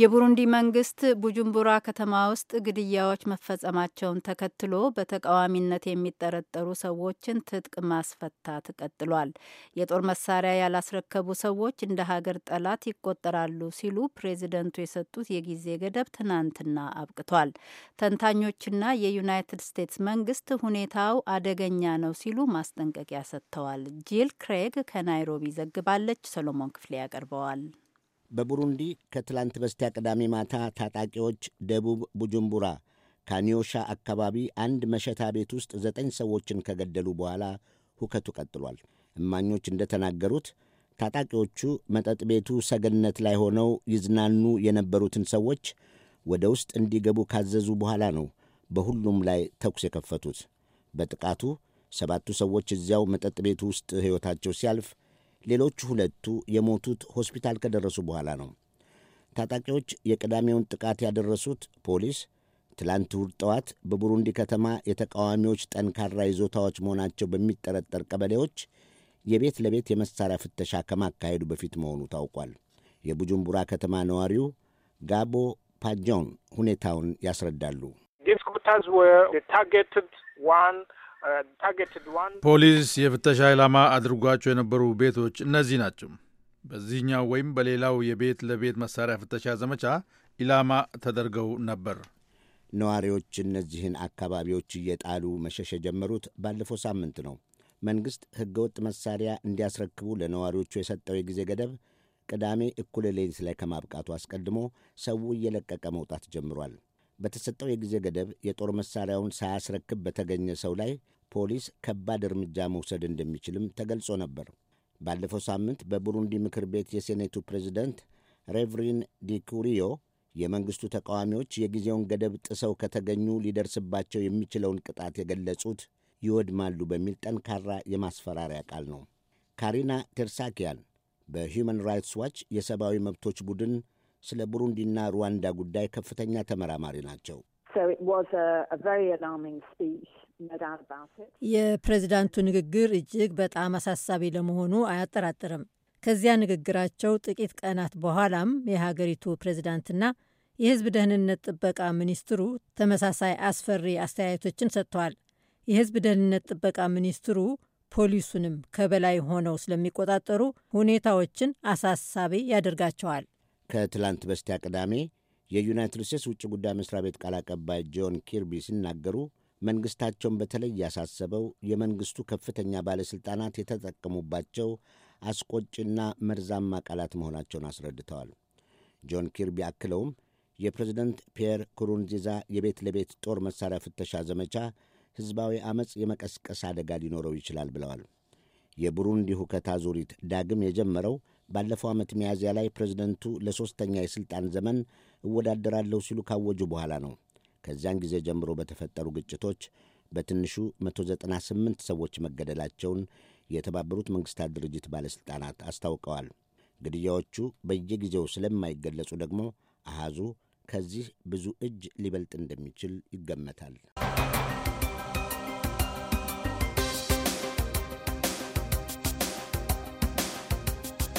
የቡሩንዲ መንግስት ቡጁምቡራ ከተማ ውስጥ ግድያዎች መፈጸማቸውን ተከትሎ በተቃዋሚነት የሚጠረጠሩ ሰዎችን ትጥቅ ማስፈታት ቀጥሏል። የጦር መሳሪያ ያላስረከቡ ሰዎች እንደ ሀገር ጠላት ይቆጠራሉ ሲሉ ፕሬዚደንቱ የሰጡት የጊዜ ገደብ ትናንትና አብቅቷል። ተንታኞችና የዩናይትድ ስቴትስ መንግስት ሁኔታው አደገኛ ነው ሲሉ ማስጠንቀቂያ ሰጥተዋል። ጂል ክሬግ ከናይሮቢ ዘግባለች። ሰሎሞን ክፍሌ ያቀርበዋል። በቡሩንዲ ከትላንት በስቲያ ቅዳሜ ማታ ታጣቂዎች ደቡብ ቡጁምቡራ ካኒዮሻ አካባቢ አንድ መሸታ ቤት ውስጥ ዘጠኝ ሰዎችን ከገደሉ በኋላ ሁከቱ ቀጥሏል። እማኞች እንደተናገሩት ታጣቂዎቹ መጠጥ ቤቱ ሰገነት ላይ ሆነው ይዝናኑ የነበሩትን ሰዎች ወደ ውስጥ እንዲገቡ ካዘዙ በኋላ ነው በሁሉም ላይ ተኩስ የከፈቱት። በጥቃቱ ሰባቱ ሰዎች እዚያው መጠጥ ቤቱ ውስጥ ሕይወታቸው ሲያልፍ ሌሎች ሁለቱ የሞቱት ሆስፒታል ከደረሱ በኋላ ነው። ታጣቂዎች የቅዳሜውን ጥቃት ያደረሱት ፖሊስ ትላንት እሁድ ጠዋት በቡሩንዲ ከተማ የተቃዋሚዎች ጠንካራ ይዞታዎች መሆናቸው በሚጠረጠር ቀበሌዎች የቤት ለቤት የመሳሪያ ፍተሻ ከማካሄዱ በፊት መሆኑ ታውቋል። የቡጁምቡራ ከተማ ነዋሪው ጋቦ ፓጆን ሁኔታውን ያስረዳሉ። ፖሊስ የፍተሻ ኢላማ አድርጓቸው የነበሩ ቤቶች እነዚህ ናቸው። በዚህኛው ወይም በሌላው የቤት ለቤት መሳሪያ ፍተሻ ዘመቻ ኢላማ ተደርገው ነበር። ነዋሪዎች እነዚህን አካባቢዎች እየጣሉ መሸሽ የጀመሩት ባለፈው ሳምንት ነው። መንግሥት ሕገወጥ መሳሪያ እንዲያስረክቡ ለነዋሪዎቹ የሰጠው የጊዜ ገደብ ቅዳሜ እኩለ ሌሊት ላይ ከማብቃቱ አስቀድሞ ሰው እየለቀቀ መውጣት ጀምሯል። በተሰጠው የጊዜ ገደብ የጦር መሳሪያውን ሳያስረክብ በተገኘ ሰው ላይ ፖሊስ ከባድ እርምጃ መውሰድ እንደሚችልም ተገልጾ ነበር። ባለፈው ሳምንት በቡሩንዲ ምክር ቤት የሴኔቱ ፕሬዚደንት ሬቭሪን ዲኩሪዮ የመንግሥቱ ተቃዋሚዎች የጊዜውን ገደብ ጥሰው ከተገኙ ሊደርስባቸው የሚችለውን ቅጣት የገለጹት ይወድማሉ በሚል ጠንካራ የማስፈራሪያ ቃል ነው። ካሪና ቴርሳኪያን በሁማን ራይትስ ዋች የሰብአዊ መብቶች ቡድን ስለ ቡሩንዲና ሩዋንዳ ጉዳይ ከፍተኛ ተመራማሪ ናቸው። የፕሬዚዳንቱ ንግግር እጅግ በጣም አሳሳቢ ለመሆኑ አያጠራጥርም። ከዚያ ንግግራቸው ጥቂት ቀናት በኋላም የሀገሪቱ ፕሬዚዳንትና የሕዝብ ደህንነት ጥበቃ ሚኒስትሩ ተመሳሳይ አስፈሪ አስተያየቶችን ሰጥተዋል። የሕዝብ ደህንነት ጥበቃ ሚኒስትሩ ፖሊሱንም ከበላይ ሆነው ስለሚቆጣጠሩ ሁኔታዎችን አሳሳቢ ያደርጋቸዋል። ከትላንት በስቲያ ቅዳሜ የዩናይትድ ስቴትስ ውጭ ጉዳይ መስሪያ ቤት ቃል አቀባይ ጆን ኪርቢ ሲናገሩ መንግሥታቸውን በተለይ ያሳሰበው የመንግሥቱ ከፍተኛ ባለሥልጣናት የተጠቀሙባቸው አስቆጭና መርዛማ ቃላት መሆናቸውን አስረድተዋል። ጆን ኪርቢ አክለውም የፕሬዝደንት ፒየር ኩሩንዚዛ የቤት ለቤት ጦር መሣሪያ ፍተሻ ዘመቻ ሕዝባዊ ዐመፅ የመቀስቀስ አደጋ ሊኖረው ይችላል ብለዋል። የቡሩንዲ ሁከት አዙሪት ዳግም የጀመረው ባለፈው ዓመት ሚያዝያ ላይ ፕሬዝደንቱ ለሦስተኛ የሥልጣን ዘመን እወዳደራለሁ ሲሉ ካወጁ በኋላ ነው። ከዚያን ጊዜ ጀምሮ በተፈጠሩ ግጭቶች በትንሹ 198 ሰዎች መገደላቸውን የተባበሩት መንግሥታት ድርጅት ባለሥልጣናት አስታውቀዋል። ግድያዎቹ በየጊዜው ስለማይገለጹ ደግሞ አሃዙ ከዚህ ብዙ እጅ ሊበልጥ እንደሚችል ይገመታል።